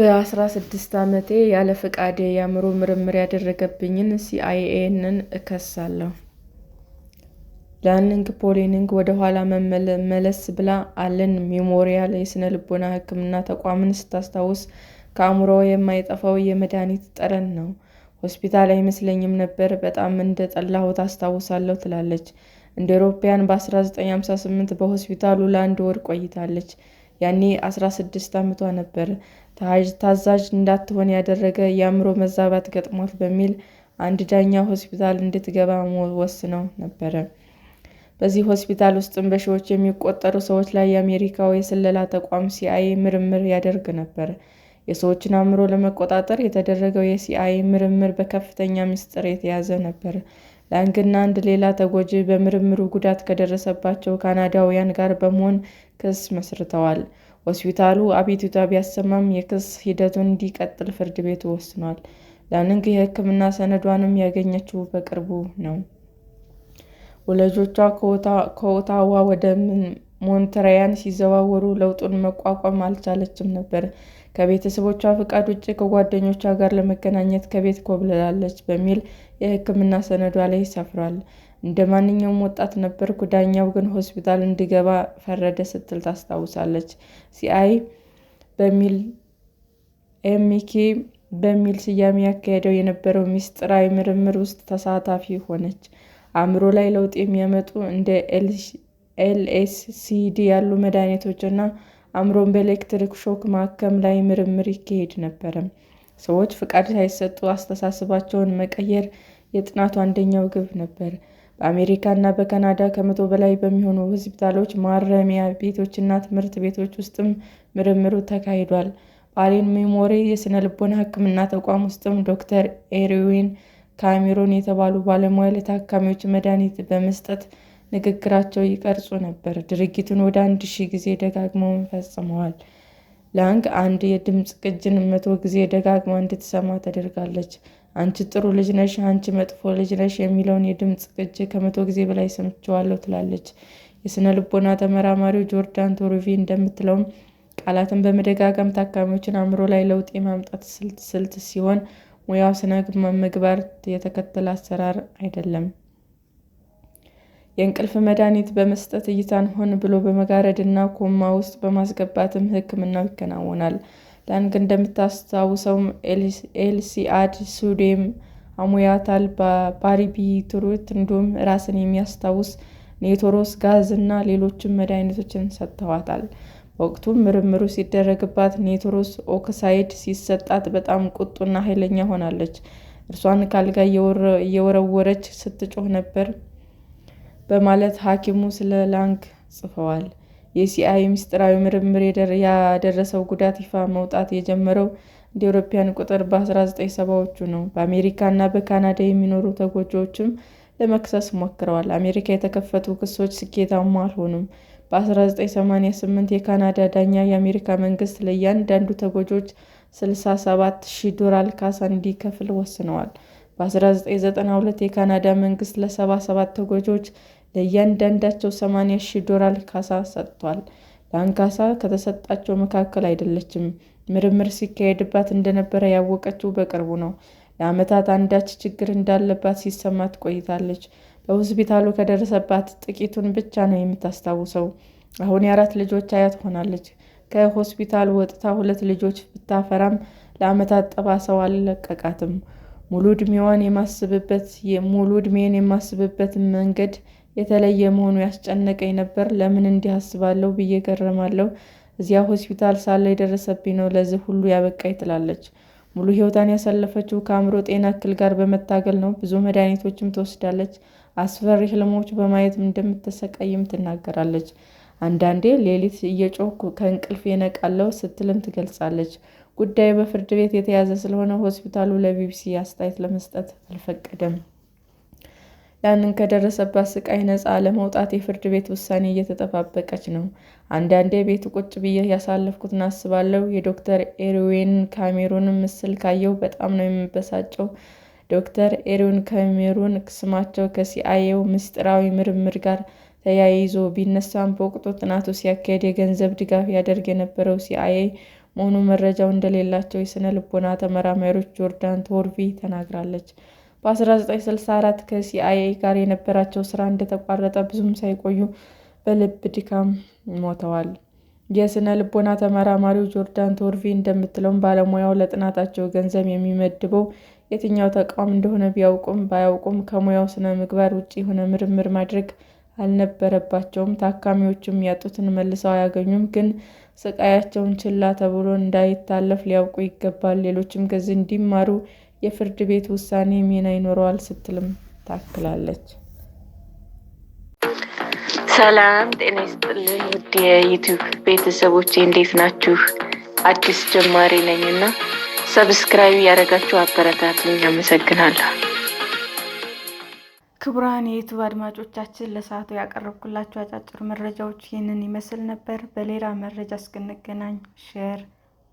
በ16 ዓመቴ ያለ ፈቃዴ የአእምሮ ምርምር ያደረገብኝን ሲአይኤን እከሳለሁ። ላንንግ ፖሊንግ ወደ ኋላ መለስ ብላ አለን ሜሞሪያል የስነ ልቦና ሕክምና ተቋምን ስታስታውስ ከአእምሮ የማይጠፋው የመድኃኒት ጠረን ነው። ሆስፒታል አይመስለኝም ነበር፣ በጣም እንደ ጠላሁት አስታውሳለሁ ትላለች። እንደ አውሮፓውያን በ1958 በሆስፒታሉ ለአንድ ወር ቆይታለች። ያኔ 16 ዓመቷ ነበር። ታዛዥ እንዳትሆን ያደረገ የአእምሮ መዛባት ገጥሞት በሚል አንድ ዳኛ ሆስፒታል እንድትገባ ወስነው ነበረ። በዚህ ሆስፒታል ውስጥም በሺዎች የሚቆጠሩ ሰዎች ላይ የአሜሪካው የስለላ ተቋም ሲአይኤ ምርምር ያደርግ ነበር። የሰዎችን አእምሮ ለመቆጣጠር የተደረገው የሲአይኤ ምርምር በከፍተኛ ምስጢር የተያዘ ነበር። ላንግና አንድ ሌላ ተጎጂ በምርምሩ ጉዳት ከደረሰባቸው ካናዳውያን ጋር በመሆን ክስ መስርተዋል። ሆስፒታሉ አቤቱታ ቢያሰማም የክስ ሂደቱን እንዲቀጥል ፍርድ ቤቱ ወስኗል። ላንግ የሕክምና ሰነዷንም ያገኘችው በቅርቡ ነው። ወላጆቿ ከኦታዋ ወደ ሞንትሪያን ሲዘዋወሩ ለውጡን መቋቋም አልቻለችም ነበር። ከቤተሰቦቿ ፍቃድ ውጭ ከጓደኞቿ ጋር ለመገናኘት ከቤት ኮብልላለች በሚል የሕክምና ሰነዷ ላይ ሰፍሯል። እንደ ማንኛውም ወጣት ነበርኩ፣ ዳኛው ግን ሆስፒታል እንድገባ ፈረደ ስትል ታስታውሳለች። ሲአይ በሚል ኤሚኬ በሚል ስያሜ ያካሄደው የነበረው ሚስጥራዊ ምርምር ውስጥ ተሳታፊ ሆነች። አእምሮ ላይ ለውጥ የሚያመጡ እንደ ኤልኤስሲዲ ያሉ መድኃኒቶችና አእምሮን በኤሌክትሪክ ሾክ ማከም ላይ ምርምር ይካሄድ ነበረ። ሰዎች ፍቃድ ሳይሰጡ አስተሳሰባቸውን መቀየር የጥናቱ አንደኛው ግብ ነበር። በአሜሪካና በካናዳ ከመቶ በላይ በሚሆኑ ሆስፒታሎች፣ ማረሚያ ቤቶችና ትምህርት ቤቶች ውስጥም ምርምሩ ተካሂዷል። በአሌን ሜሞሪ የሥነ ልቦና ሕክምና ተቋም ውስጥም ዶክተር ኤርዊን ካሜሮን የተባሉ ባለሙያ ለታካሚዎች መድኃኒት በመስጠት ንግግራቸው ይቀርጹ ነበር። ድርጊቱን ወደ አንድ ሺህ ጊዜ ደጋግመው ፈጽመዋል። ላንግ አንድ የድምፅ ቅጅን መቶ ጊዜ ደጋግማ እንድትሰማ ተደርጋለች። አንቺ ጥሩ ልጅ ነሽ፣ አንቺ መጥፎ ልጅ ነሽ የሚለውን የድምፅ ቅጅ ከመቶ ጊዜ በላይ ሰምቼዋለሁ ትላለች። የስነ ልቦና ተመራማሪው ጆርዳን ቶሩቪ እንደምትለውም ቃላትን በመደጋገም ታካሚዎችን አእምሮ ላይ ለውጥ የማምጣት ስልት ስልት ሲሆን ሙያው ስነ ምግባር የተከተለ አሰራር አይደለም። የእንቅልፍ መድኃኒት በመስጠት እይታን ሆን ብሎ በመጋረድ እና ኮማ ውስጥ በማስገባትም ሕክምናው ይከናወናል። ላንግ እንደምታስታውሰው ኤልሲአድ፣ ሱዴም፣ አሙያታል፣ ቱሩት እንዲሁም ራስን የሚያስታውስ ኔቶሮስ ጋዝ እና ሌሎችም መድኃኒቶችን ሰጥተዋታል። በወቅቱ ምርምሩ ሲደረግባት ኔቶሮስ ኦክሳይድ ሲሰጣት በጣም ቁጡና ኃይለኛ ሆናለች። እርሷን ካልጋ እየወረወረች ስትጮህ ነበር በማለት ሐኪሙ ስለ ላንግ ጽፈዋል። የሲአይኤ ምስጢራዊ ምርምር ያደረሰው ጉዳት ይፋ መውጣት የጀመረው እንደ አውሮፓውያን ቁጥር በ1970ዎቹ ነው። በአሜሪካ እና በካናዳ የሚኖሩ ተጎጂዎችም ለመክሰስ ሞክረዋል። አሜሪካ የተከፈቱ ክሶች ስኬታማ አልሆኑም። በ1988 የካናዳ ዳኛ የአሜሪካ መንግስት ለእያንዳንዱ ተጎጂዎች 67 ሺህ ዶላር ካሳ እንዲከፍል ወስነዋል። በ1992 የካናዳ መንግስት ለ77 ተጎጂዎች ለእያንዳንዳቸው 80 ሺ ዶላር ካሳ ሰጥቷል። ላንካሳ ከተሰጣቸው መካከል አይደለችም። ምርምር ሲካሄድባት እንደነበረ ያወቀችው በቅርቡ ነው። ለዓመታት አንዳች ችግር እንዳለባት ሲሰማት ቆይታለች። በሆስፒታሉ ከደረሰባት ጥቂቱን ብቻ ነው የምታስታውሰው። አሁን የአራት ልጆች አያት ሆናለች። ከሆስፒታል ወጥታ ሁለት ልጆች ብታፈራም ለዓመታት ጠባሳው አልለቀቃትም። ሙሉ ዕድሜዋን የማስብበት ሙሉ ዕድሜን የማስብበት መንገድ የተለየ መሆኑ ያስጨነቀኝ ነበር። ለምን እንዲህ አስባለሁ ብዬ ገረማለሁ። እዚያ ሆስፒታል ሳለ የደረሰብኝ ነው ለዚህ ሁሉ ያበቃኝ ትላለች። ሙሉ ሕይወቷን ያሳለፈችው ከአእምሮ ጤና እክል ጋር በመታገል ነው። ብዙ መድኃኒቶችም ትወስዳለች። አስፈሪ ህልሞች በማየት እንደምትሰቃይም ትናገራለች። አንዳንዴ ሌሊት እየጮኩ ከእንቅልፍ የነቃለው ስትልም ትገልጻለች። ጉዳዩ በፍርድ ቤት የተያዘ ስለሆነ ሆስፒታሉ ለቢቢሲ አስተያየት ለመስጠት አልፈቀደም። ያንን ከደረሰባት ስቃይ ነፃ ለመውጣት የፍርድ ቤት ውሳኔ እየተጠባበቀች ነው። አንዳንዴ ቤት ቁጭ ብዬ ያሳለፍኩትን አስባለሁ። የዶክተር ኤርዌን ካሜሩን ምስል ካየው በጣም ነው የሚበሳጨው። ዶክተር ኤርዊን ካሜሩን ስማቸው ከሲአይኤው ምስጢራዊ ምርምር ጋር ተያይዞ ቢነሳም በወቅቱ ጥናቱ ሲያካሄድ የገንዘብ ድጋፍ ያደርግ የነበረው ሲአይኤ መሆኑ መረጃው እንደሌላቸው የስነ ልቦና ተመራማሪዎች ጆርዳን ቶርቪ ተናግራለች። በ1964 ከሲአይኤ ጋር የነበራቸው ስራ እንደተቋረጠ ብዙም ሳይቆዩ በልብ ድካም ሞተዋል። የስነ ልቦና ተመራማሪው ጆርዳን ቶርቪ እንደምትለውም ባለሙያው ለጥናታቸው ገንዘብ የሚመድበው የትኛው ተቋም እንደሆነ ቢያውቁም ባያውቁም ከሙያው ስነ ምግባር ውጭ የሆነ ምርምር ማድረግ አልነበረባቸውም። ታካሚዎቹም ያጡትን መልሰው አያገኙም፣ ግን ስቃያቸውን ችላ ተብሎ እንዳይታለፍ ሊያውቁ ይገባል። ሌሎችም ከዚህ እንዲማሩ የፍርድ ቤት ውሳኔ ሚና ይኖረዋል ስትልም ታክላለች። ሰላም ጤና ይስጥልኝ ውድ የዩቱብ ቤተሰቦች እንዴት ናችሁ? አዲስ ጀማሪ ነኝ እና ሰብስክራይብ ያደረጋችሁ አበረታቱኝ። አመሰግናለሁ። ክቡራን የዩቲዩብ አድማጮቻችን ለሰዓቱ ያቀረብኩላችሁ አጫጭር መረጃዎች ይህንን ይመስል ነበር። በሌላ መረጃ እስክንገናኝ ሼር